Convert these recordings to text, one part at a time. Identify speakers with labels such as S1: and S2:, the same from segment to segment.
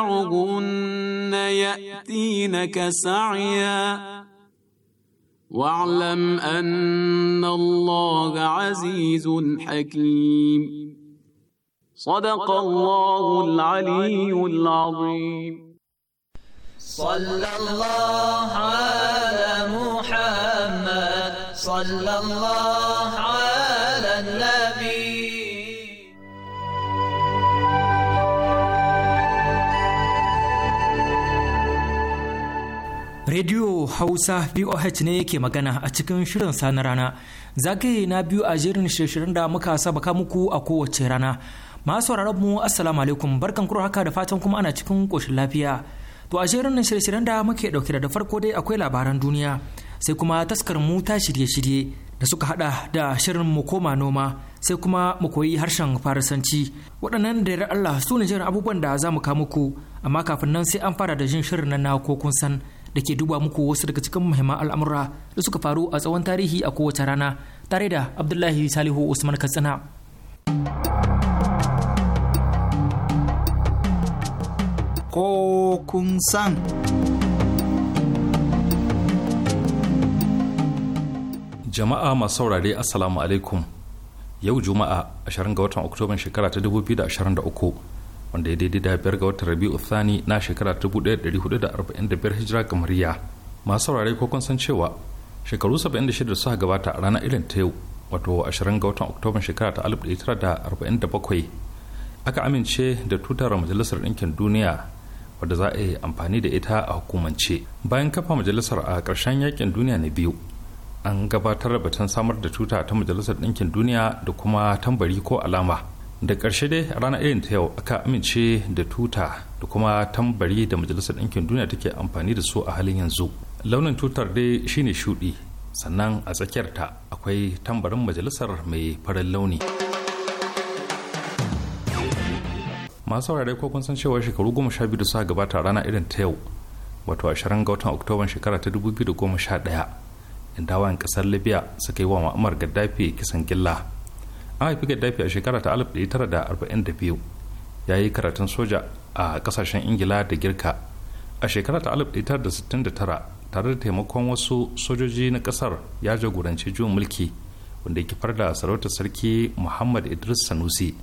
S1: متاعهن يأتينك سعيا واعلم أن الله عزيز حكيم صدق الله العلي
S2: العظيم صلى الله على
S3: محمد صلى الله على
S2: Radio Hausa VOH ne yake magana a cikin shirin sana rana. Zagaye na biyu a jerin shirin da muka saba ka muku a kowace rana. Masu mu Assalamu alaikum barkan kuro haka da fatan kuma ana cikin koshin lafiya. To a jerin shirin da muke dauke da farko dai akwai labaran duniya sai kuma taskar mu ta shirye-shirye da suka hada da shirin mu koma noma sai kuma mu koyi harshen farisanci waɗannan da Allah su ne jiran abubuwan da za mu muku amma kafin nan sai an fara da jin shirin nan na ko kun san da ke duba muku wasu daga cikin muhimman al'amura da suka faru a tsawon tarihi a kowace rana tare da Abdullahi Salihu Usman Katsina. Ko kun san.
S4: Jama'a masu saurare Assalamu alaikum. Yau Juma'a 20 ga watan Oktoban shekara ta 2023 wanda ya daidai da biyar ga watan rabi'u uthani na shekara 1445 hijira kamariya masu saurare ko kun san cewa shekaru 76 suka gabata a ranar irin ta yau wato 20 ga watan oktoban shekara ta 1947 aka amince da tutar majalisar ɗinkin duniya wadda za a yi amfani da ita a hukumance bayan kafa majalisar a ƙarshen yakin duniya na biyu an gabatar da batun samar da tuta ta majalisar ɗinkin duniya da kuma tambari ko alama da ƙarshe dai a ranar irin ta yau aka amince da tuta da kuma tambari da majalisar ɗinkin duniya take amfani da su a halin yanzu launin tutar dai shine shuɗi sannan a tsakiyarta akwai tambarin majalisar mai farin launi masu saurare ko kun san cewa shekaru goma sha biyu da suka gabata rana irin ta yau wato ashirin ga watan oktoban shekara ta dubu biyu da goma sha ɗaya inda wayan ƙasar libya suka yi wa ma'amar gaddafi kisan gilla a haifi gaddafi a shekara ta 1942 ya yi karatun soja a kasashen ingila da girka a shekara ta 1969 tare da taimakon wasu sojoji na kasar ya jagoranci juyin mulki wanda ya kifar da sarautar sarki muhammad idris sanusi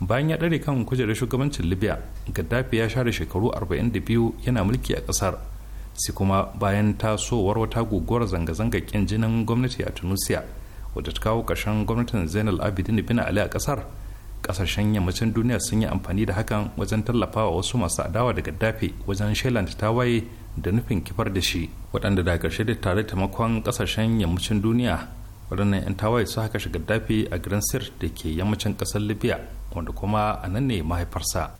S4: bayan ya ɗare kan kujerar shugabancin libya gaddafi ya share shekaru 42 yana mulki a kasar sai kuma bayan tasowar wata guguwar zanga-zanga kin jinin gwamnati a tunisia wadda ta kawo ƙarshen gwamnatin zainal abidin bin ali a kasar ƙasashen yammacin duniya sun yi amfani da hakan wajen tallafawa wasu masu adawa da gaddafi wajen shelanta tawaye da nufin kifar da shi waɗanda da ƙarshe da tare taimakon ƙasashen yammacin duniya waɗannan 'yan tawaye su haka shiga gaddafi a garin sir da ke yammacin kasar libya wanda kuma a nan ne mahaifarsa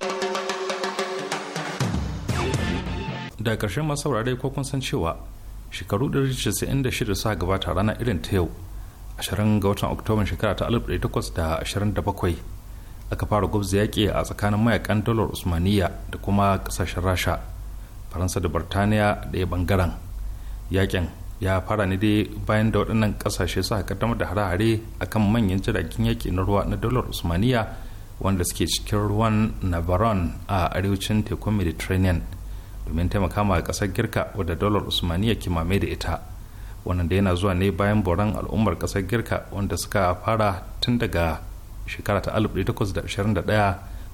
S4: da ƙarshen masu saurare ko kun san cewa shekaru 196 suka gabata rana irin ta yau 20 ga watan oktoba shekara ta 1827 aka fara gwabza yaƙi a tsakanin mayakan dalar usmaniya da kuma ƙasashen rasha faransa da birtaniya ya bangaren yaƙin ya fara ne dai bayan da waɗannan ƙasashe suka kaddamar da hare-hare kan manyan jiragen yaƙi na ruwa na dalar usmaniya wanda suke cikin ruwan navarone a arewacin tekun mediterranean domin taimaka ma ƙasar girka wadda dalar usmaniya kimame da ita wannan yana zuwa ne bayan boran al'ummar kasar girka wanda suka fara tun daga shekara ta 1821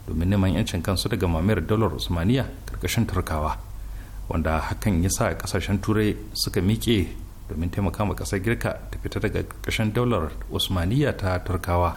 S4: domin neman yancin kansu daga mamayar dalar usmaniya karkashin turkawa wanda hakan ya sa kasashen turai suka miƙe domin taimaka ma kasar girka ta fita daga karkashin daular usmaniya ta turkawa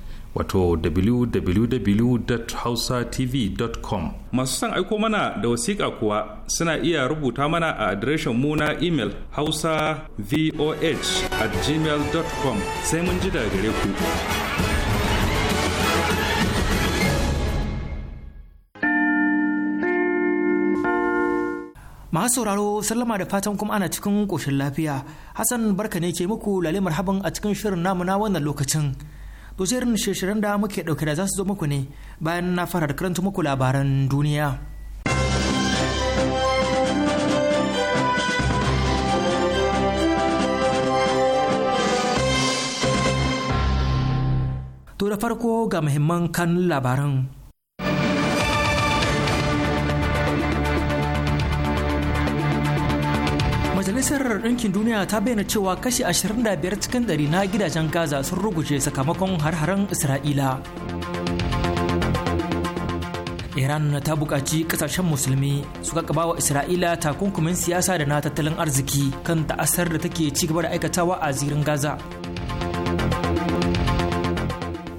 S4: wato www.hausatv.com masu son aiko mana da wasiƙa kuwa suna iya rubuta mana a adireshin mu na imel hausa voh at gmail.com sai mun ji daga gare ku
S2: masu sauraro sallama da fatan kuma ana cikin ƙoshin lafiya hassan barka ne ke muku lalimar haban a cikin shirin namuna wannan lokacin to ni shirin da muke dauke da za su zo muku ne bayan na fara da karanta muku labaran duniya to da farko ga muhimman kan labaran majalisar ɗinkin duniya ta bayyana cewa kashi 25 cikin ɗari na gidajen gaza sun ruguje sakamakon har isra'ila iran ta buƙaci ƙasashen musulmi su kakaba wa isra'ila takunkumin siyasa da na tattalin arziki kan ta'asar da take ci gaba da aikatawa a zirin gaza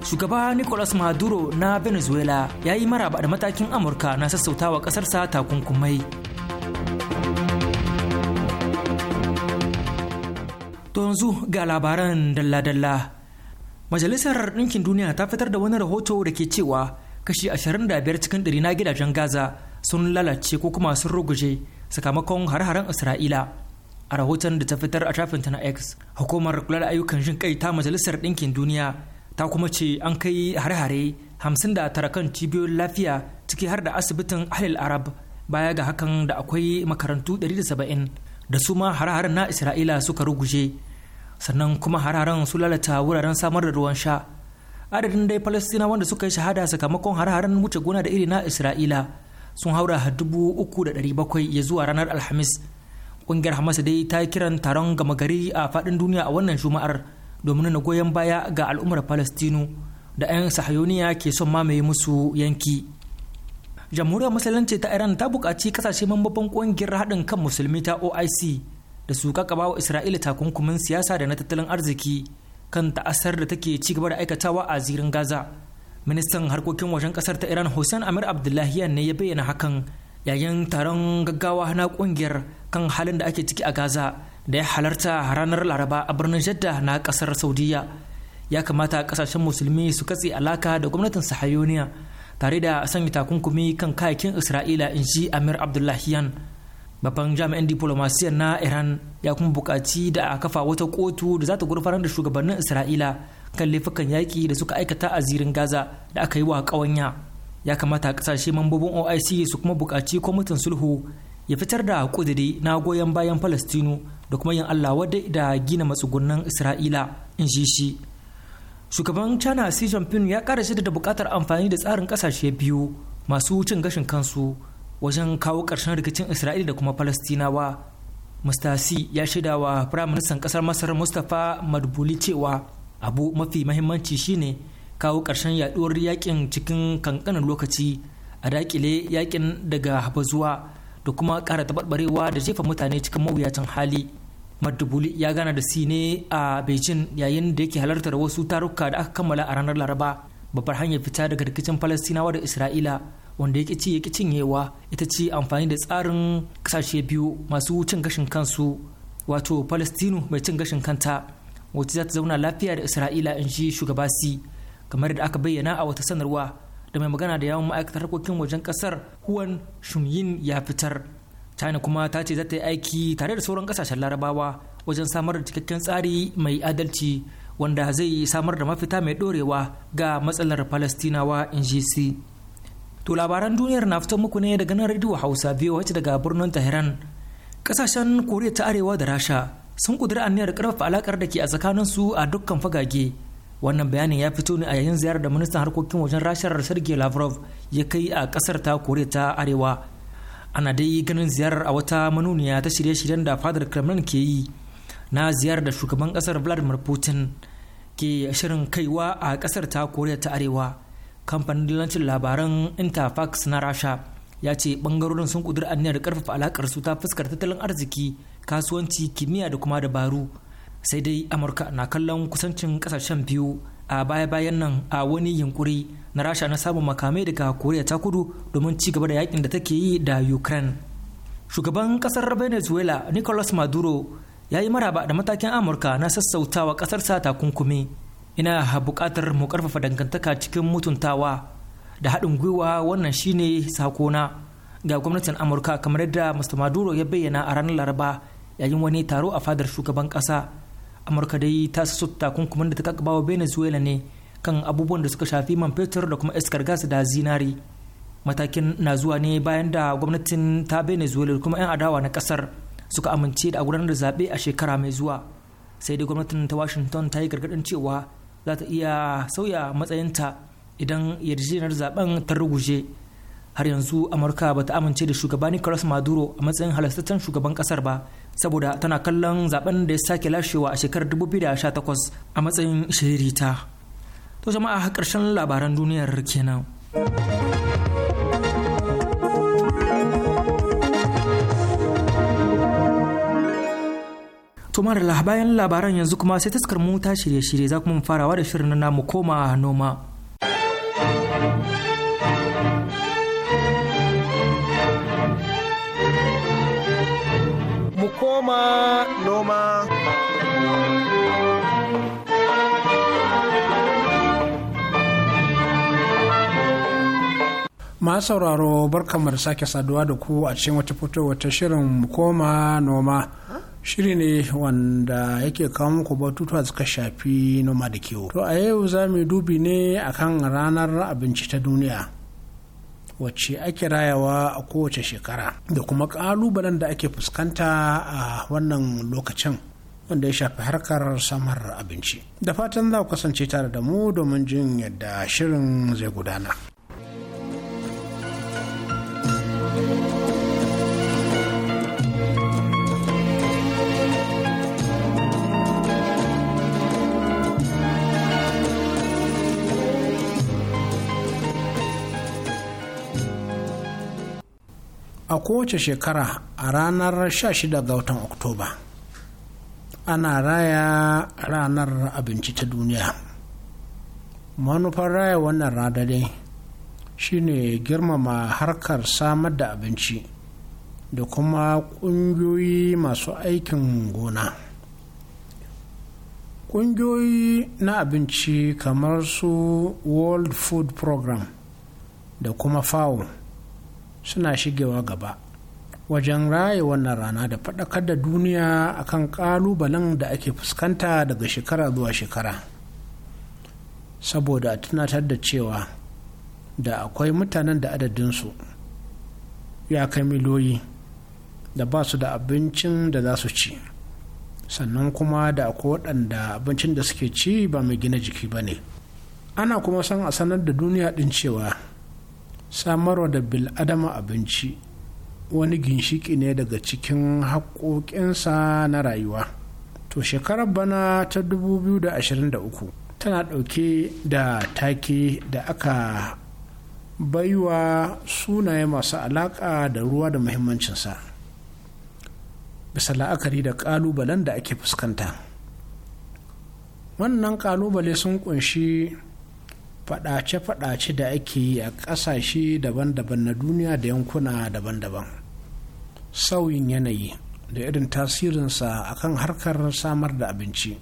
S2: shugaba nicolas maduro na venezuela ya yi maraba da matakin amurka na sassautawa ƙasarsa takunkumai To yanzu ga labaran dalla-dalla. Majalisar Ɗinkin Duniya ta fitar da wani rahoto da ke cewa kashi 25 cikin ɗari na gidajen Gaza sun lalace ko kuma sun ruguje sakamakon har-haren Isra'ila. A rahoton da ta fitar a shafinta na X, hukumar kula da ayyukan jin kai ta Majalisar Ɗinkin Duniya ta kuma ce an kai har hare 59 kan cibiyoyin lafiya ciki har da asibitin Ahlil Arab baya ga hakan da akwai makarantu 170 da su ma hare na isra'ila suka ruguje sannan kuma hararen su lalata wuraren samar da ruwan sha adadin dai palestina wanda suka yi shahada sakamakon hararen wuce gona da iri na isra'ila sun haura dubu uku da ɗari bakwai ya zuwa ranar alhamis ƙungiyar hamas dai ta yi kiran taron gama gari a faɗin duniya a wannan juma'ar domin na goyon baya ga al'ummar falastinu da 'yan sahayoniya ke son mamaye musu yanki jamhuriyar musulunci ta iran ta buƙaci kasashe mambobin ƙungiyar haɗin kan musulmi ta oic da su kakaba wa isra'ila takunkumin siyasa da na tattalin arziki kan ta'asar da take ci gaba da aikatawa a zirin gaza ministan harkokin wajen kasar ta iran hussein amir abdullahiyan ne ya bayyana hakan yayin taron gaggawa na ƙungiyar kan halin da ake ciki a gaza da ya halarta ranar laraba a birnin jadda na kasar saudiya ya kamata kasashen musulmi su katse alaka da gwamnatin sahayoniya tare da sanya takunkumi kan kayakin isra'ila in ji amir abdullahiyan babban jami'in diplomasiya na iran ya kuma bukaci da a kafa wata kotu da za ta gurfanar da shugabannin isra'ila kan laifukan yaƙi da suka aikata a zirin gaza da aka yi wa ƙawanya ya kamata ƙasashe mambobin oic su kuma buƙaci kwamitin sulhu ya fitar da kudiri na goyon bayan falastinu da kuma yin allah wadai da gina matsugunan isra'ila in shi shi shugaban china xi jinping ya kara shida da bukatar amfani da tsarin kasashe biyu masu cin gashin kansu wajen kawo karshen rikicin isra'ila da kuma falastinawa mr ya shaida wa firaministan kasar masar mustapha madbuli cewa abu mafi mahimmanci shine kawo karshen yaduwar yakin cikin kankanin lokaci a dakile yakin daga habazuwa da kuma kara tabarbarewa da jefa mutane cikin mawuyacin hali madubuli ya gana da si ne a beijing yayin da yake halartar wasu taruka da aka kammala a ranar laraba babbar hanyar fita daga rikicin falastinawa da isra'ila wanda ya ci ya cinyewa ita ce amfani da tsarin kasashe biyu masu cin gashin kansu wato palestinu mai cin gashin kanta wacce za ta zauna lafiya da isra'ila in ji shugaba si kamar da aka bayyana a wata sanarwa da mai magana da yawon ma'aikatar harkokin wajen kasar huwan shunyin ya fitar china kuma ta ce za ta yi aiki tare da sauran kasashen larabawa wajen samar da cikakken tsari mai adalci wanda zai samar da mafita mai dorewa ga matsalar palestinawa in gc to labaran duniyar na fito muku ne daga nan radio hausa biyu wacce daga birnin tehran kasashen koriya ta arewa da rasha sun kudura aniyar karfafa alakar da ke a tsakanin su a dukkan fagage wannan bayanin ya fito ne a yayin ziyarar da ministan harkokin wajen rashar sergei lavrov ya kai a kasar ta koriya ta arewa ana dai ganin ziyarar a wata manuniya ta shirye-shiryen da fadar kremlin ke yi na ziyarar da shugaban kasar vladimir putin ke shirin kaiwa a kasar ta koriya ta arewa kamfanin dillancin labaran interfax na rasha ya ce bangarorin sun kudur aniyar karfafa alakar su ta fuskar tattalin arziki kasuwanci kimiyya da kuma dabaru sai dai amurka na kallon kusancin kasashen biyu a baya-bayan nan a wani yunkuri na rasha na samun makamai daga koriya ta kudu domin ci gaba da yakin da take yi da ukraine shugaban kasar venezuela nicolas maduro ya yi maraba da matakin amurka na sassautawa kasarsa takunkumi ina buƙatar mu ƙarfafa dangantaka cikin mutuntawa da haɗin gwiwa wannan shine sakona ga gwamnatin amurka kamar yadda mr maduro ya bayyana a ranar laraba yayin wani taro a fadar shugaban ƙasa amurka dai ta su takunkumin da ta kakaba wa venezuela ne kan abubuwan da suka shafi man fetur da kuma iskar gas da zinari matakin na zuwa ne bayan da gwamnatin ta venezuela kuma 'yan adawa na kasar suka amince da gudanar da zaɓe a shekara mai zuwa sai dai gwamnatin ta washington ta yi gargaɗin cewa za ta iya sauya matsayinta idan yarjejeniyar zaben ta ruguje har yanzu amurka ba ta amince da shugaba nicolas maduro a matsayin halastaccen shugaban kasar ba saboda tana kallon zaben da ya sake lashewa a shekarar 2018 a matsayin shirita to jama'a karshen labaran duniyar kenan to mara bayan labaran yanzu kuma sai taskar mu ta shirye-shirye za kuma farawa da shirin na mu koma noma
S3: noma noma
S1: ma sauraro barkanmu da sake saduwa da ku a cikin wata fitowar ta shirin koma noma shiri ne wanda yake kawo muku batutuwa suka shafi noma da kiwo to a yau za mu dubi ne akan ranar abinci ta duniya wacce ake rayawa a kowace shekara da kuma kalubalen da ake fuskanta a wannan lokacin wanda ya shafi harkar samar abinci da fatan za ku kasance tare da mu domin jin yadda shirin zai gudana a kowace shekara a ranar 16 ga watan oktoba ana raya ranar abinci ta duniya manufar raya wannan rana shine girmama harkar samar da abinci da kuma ƙungiyoyi masu aikin gona ƙungiyoyi na abinci kamar su world food program da kuma fao suna shigewa gaba wajen raye wannan rana da faɗakar da duniya akan ƙalubalen da ake fuskanta daga shekara zuwa shekara saboda a tunatar da cewa da akwai mutanen da adadinsu ya kai miliyoyi da ba su da abincin da za su ci sannan kuma da akwai waɗanda abincin da suke ci ba mai gina jiki ba ne ana kuma son a sanar da duniya ɗin cewa samarwa da bil'adama abinci wani ginshiki ne daga cikin haƙoƙinsa na rayuwa to shekarar bana ta 2023 tana ɗauke da take da aka baiwa sunaye masu alaƙa da ruwa da muhimmancinsa bisa la'akari da ƙalubalen da ake fuskanta wannan ƙalubale sun ƙunshi faɗace-faɗace da ake yi a ƙasashe daban-daban na duniya da yankuna daban-daban sauyin yanayi da irin tasirinsa kan harkar samar da abinci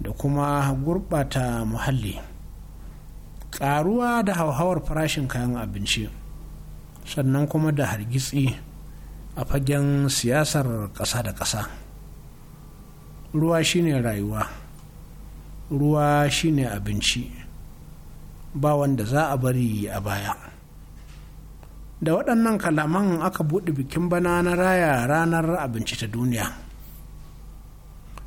S1: da kuma gurɓata muhalli ƙaruwa da hauhawar farashin kayan abinci sannan kuma da hargitsi a fagen siyasar ƙasa da ƙasa ruwa shine rayuwa ruwa shine abinci ba wanda za a bari a baya da waɗannan kalaman aka buɗe bikin bana na raya ranar abinci ta duniya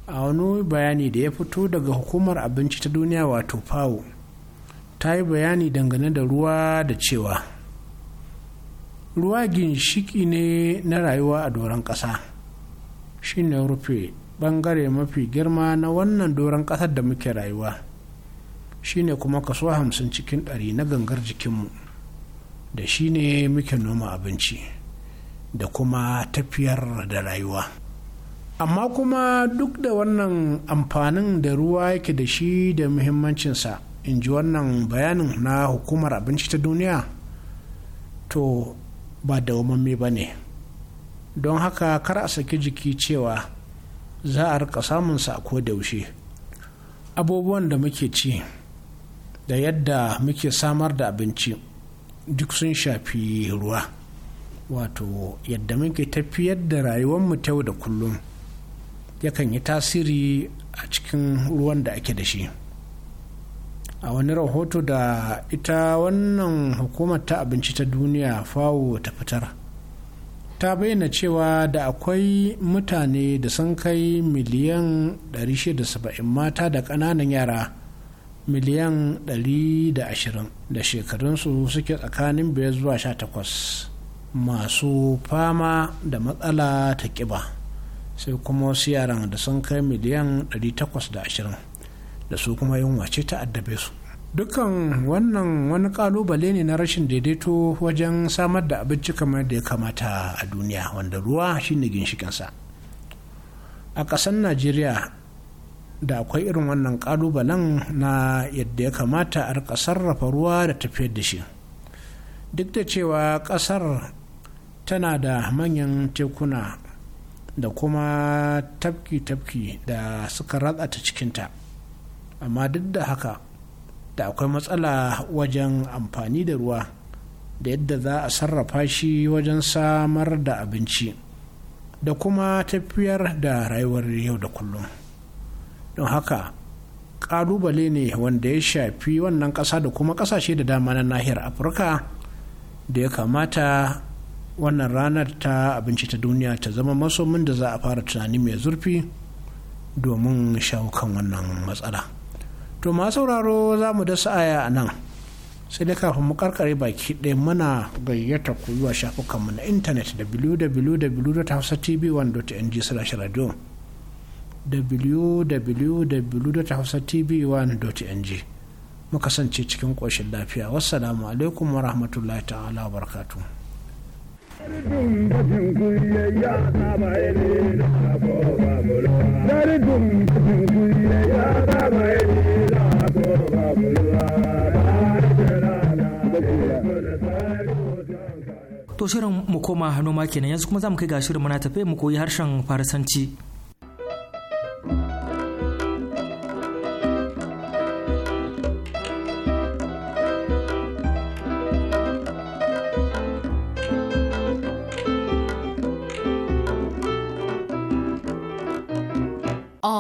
S1: a wani bayani da ya fito daga hukumar abinci ta duniya wato fawo ta yi bayani dangane da ruwa da cewa ruwa ginshiki ne na rayuwa a doron ƙasa shine rufe bangare mafi girma na wannan doron ƙasar da muke rayuwa shine kuma kaso hamsin cikin ɗari na gangar jikinmu da shi ne muke noma abinci da kuma tafiyar da rayuwa amma kuma duk da wannan amfanin da ruwa yake da shi da muhimmancinsa in ji wannan bayanin na hukumar abinci ta duniya to ba dawamamme ba ne don haka kar a saki jiki cewa za a rika samunsa a yaushe abubuwan da muke ci da yadda muke samar da abinci duk sun shafi ruwa wato yadda muke tafiyar da mu ta da kullum yakan yi tasiri a cikin ruwan da ake da shi a wani rahoto da ita wannan hukumar ta abinci ta duniya fawo ta fitar ta bayyana cewa da akwai mutane da sun kai miliyan 670 mata da ƙananan yara miliyan 120 da shekarunsu suke tsakanin biyar zuwa 18 masu fama da matsala ta ƙiba sai kuma wasu yaran da sun kai miliyan 820 da su kuma yin wace ta addabe su dukkan wannan wani kalubale ne na rashin daidaito wajen samar da abinci kamar da ya kamata a duniya wanda ruwa shine ginshikinsa a ƙasar najeriya da akwai irin wannan kalubalen na yadda ya kamata a rika sarrafa ruwa da tafiyar da shi duk da cewa ƙasar tana da manyan tekuna da kuma tafki-tafki da suka ratsa ta cikinta amma duk da haka da akwai matsala wajen amfani da ruwa da yadda za a sarrafa shi wajen samar da abinci da kuma tafiyar da rayuwar yau da kullum don haka ƙalubale ne wanda ya shafi wannan ƙasa da kuma ƙasashe da dama na nahiyar afirka da ya kamata wannan ranar ta abinci ta duniya ta zama masomin da za a fara tunani mai zurfi domin shawo kan wannan matsala. to ma sauraro za mu da sa'aya a nan sai dai kafin mu karkare baki ɗaya muna gayyata ku zuwa shafukanmu na intanet www.hausatv1.ng slash radio www.hausatv1.ng mu kasance cikin ƙoshin lafiya wassalamu alaikum wa rahmatullahi ta'ala wa barakatu.
S3: Dari dum
S2: To shirin mu koma noma kenan yanzu kuma za mu kai ga shirin muna tafe mu koyi harshen Farisanci.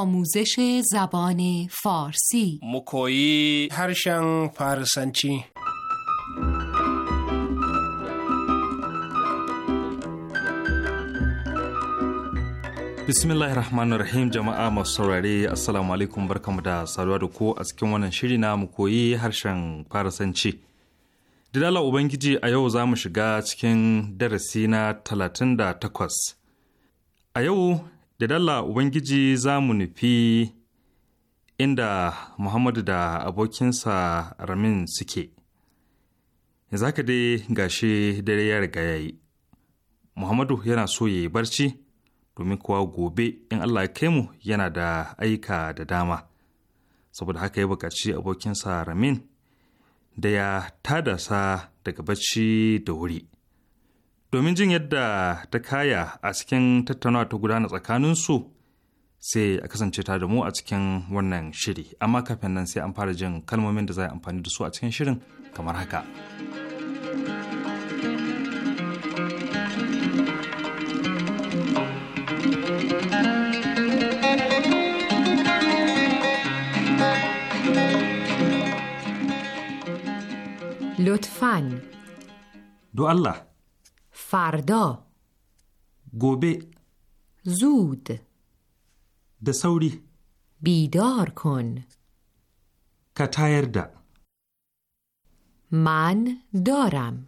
S5: آموزش
S1: زبان فارسی مکویی هرشن فارسنچی
S4: bismillahir rahmanir rahim jama'a masu saurare assalamu alaikum barkamu da saduwa da ku a cikin wannan shiri na mu koyi harshen farasanci didala ubangiji a yau za shiga cikin darasi na 38 a yau da dalla Ubangiji za mu nufi inda Muhammadu da abokinsa Ramin suke. Za ka dai gashi dare ya riga ya yi. Muhammadu yana so ya yi barci domin kuwa gobe in Allah kai mu yana da aika da dama. Saboda haka ya bukaci abokinsa Ramin da ya tada sa daga bacci da wuri. domin jin yadda ta kaya a cikin tattaunawa ta gudana tsakanin su sai a kasance ta da mu a cikin wannan shiri amma kafin nan sai an fara jin kalmomin da za a amfani da su a cikin shirin kamar haka
S5: لطفاً دو الله فردا گوبه زود دسوری بیدار کن
S4: کتایرده
S5: من دارم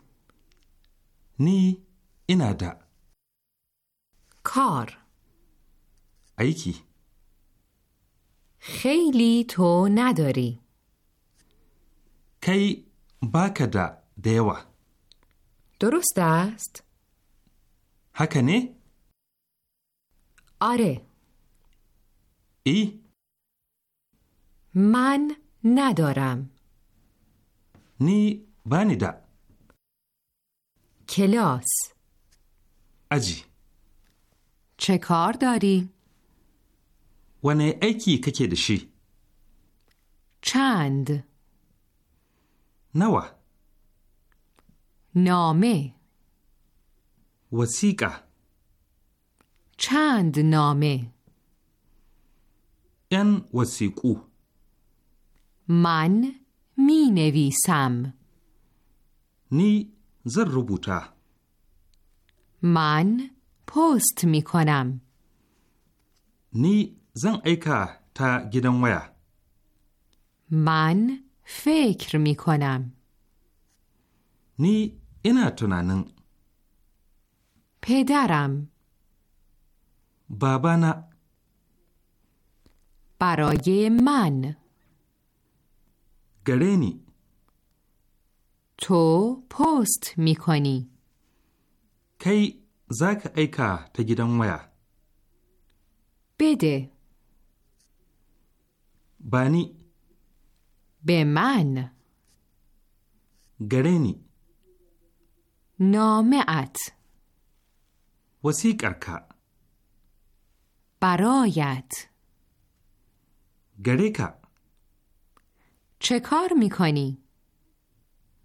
S4: نی دا کار ایکی
S5: خیلی تو نداری
S4: کی باکدا دیوا
S5: درست است؟ حکنه؟ آره ای من ندارم نی ده؟ کلاس اجی چه کار داری؟
S4: ونه ایکی ککی دشی
S5: چند نوا نامه وسیقه چند نامه
S4: این وسیقو
S5: من می نویسم
S4: نی زر روبوتا
S5: من پست می کنم
S4: نی زن ایکا تا گیدن ویا
S5: من فکر می کنم
S4: نی اینا تنانن
S5: پدرم نا. برای من گرینی تو پست میکنی؟
S4: کنی کی زک ایکا تا گیدن ویا بده بانی
S5: به من گرینی نامه ات
S4: wasiƙarka
S5: برایت گره چه کار میکنی؟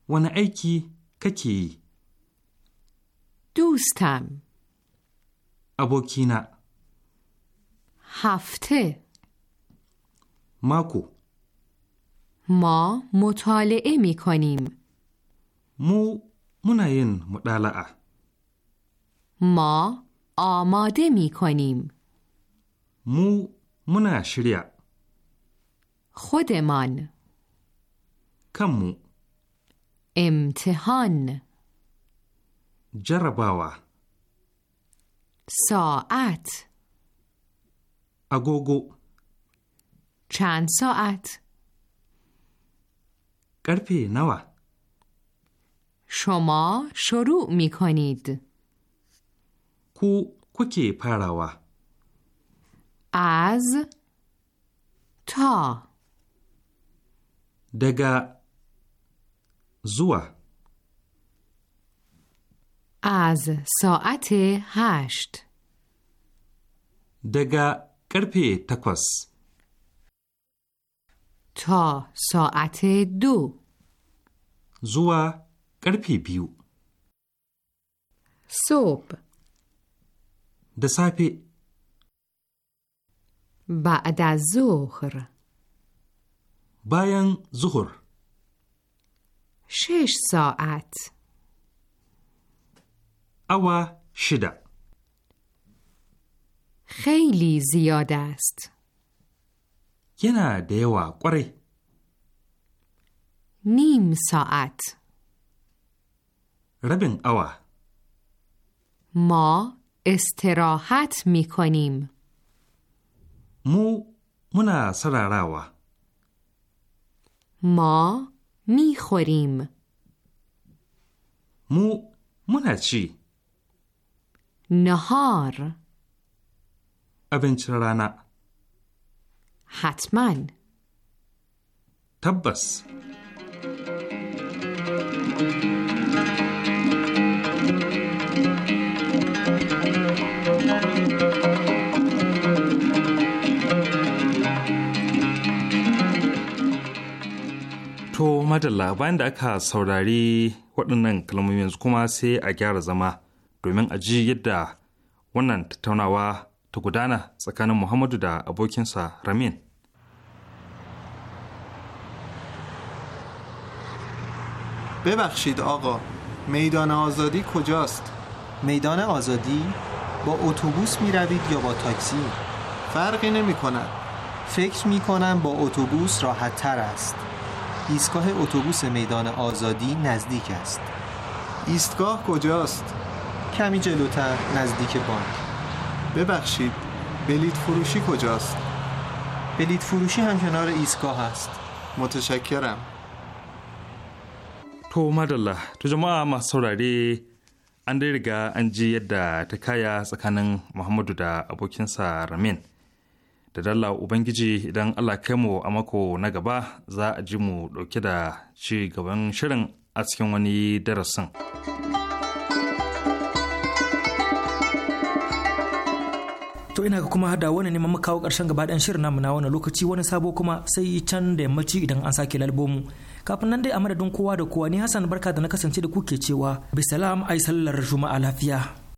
S4: ون ایکی ککی
S5: دوستم
S4: ابوکینا
S5: هفته ماکو ما مطالعه میکنیم
S4: مو مناین مطالعه
S5: ما آماده می کنیم مو منا خودمان کمو امتحان
S4: جرباوا.
S5: ساعت اگوگو چند ساعت قرپی نوا شما شروع می کنید ku
S4: kuke farawa?
S5: az ta
S4: daga zuwa
S5: az sa'ate hasht
S4: daga karfe takwas
S5: ta sa'ate du zuwa
S4: karfe biyu soap د
S5: بعد از ظهر باین ظهر شش ساعت
S4: او شد
S5: خیلی زیاد است
S4: ینا دیوا قری
S5: نیم ساعت
S4: ربن او
S5: ما استراحت می کنیم
S4: مو منا سراراوا
S5: ما می خوریم
S4: مو منا چی
S5: نهار ابنچ حتما
S4: تبس madalla bayan da aka saurari waɗannan kalmomi yanzu kuma sai a gyara zama domin a ji yadda wannan tattaunawa ta gudana tsakanin Muhammadu da abokinsa Ramin.
S5: ببخشید آقا میدان آزادی کجاست؟ میدان آزادی؟ با اتوبوس می روید یا با تاکسی؟ فرقی نمی کند فکر می کنم با اتوبوس راحت تر است ایستگاه اتوبوس میدان آزادی نزدیک است ایستگاه کجاست؟ کمی جلوتر نزدیک بانک ببخشید بلیت فروشی کجاست؟ بلیت فروشی هم کنار ایستگاه است متشکرم
S4: تو الله تو جماعه ما اندرگا انجی dai تکایا سکنن محمد دا در سارمین da dalla ubangiji idan allah kai mu a mako na gaba za a ji mu dauke da ci gaban shirin a cikin wani darasin
S2: to ina kuma da wani neman makawo karshen gaba ɗan shirin namu na wani lokaci wani sabo kuma sai yi can da yammaci idan an sake lalbomu kafin nan dai a madadin kowa da kowa ni hassan barka da na kasance da kuke cewa bisalam ai sallar juma'a lafiya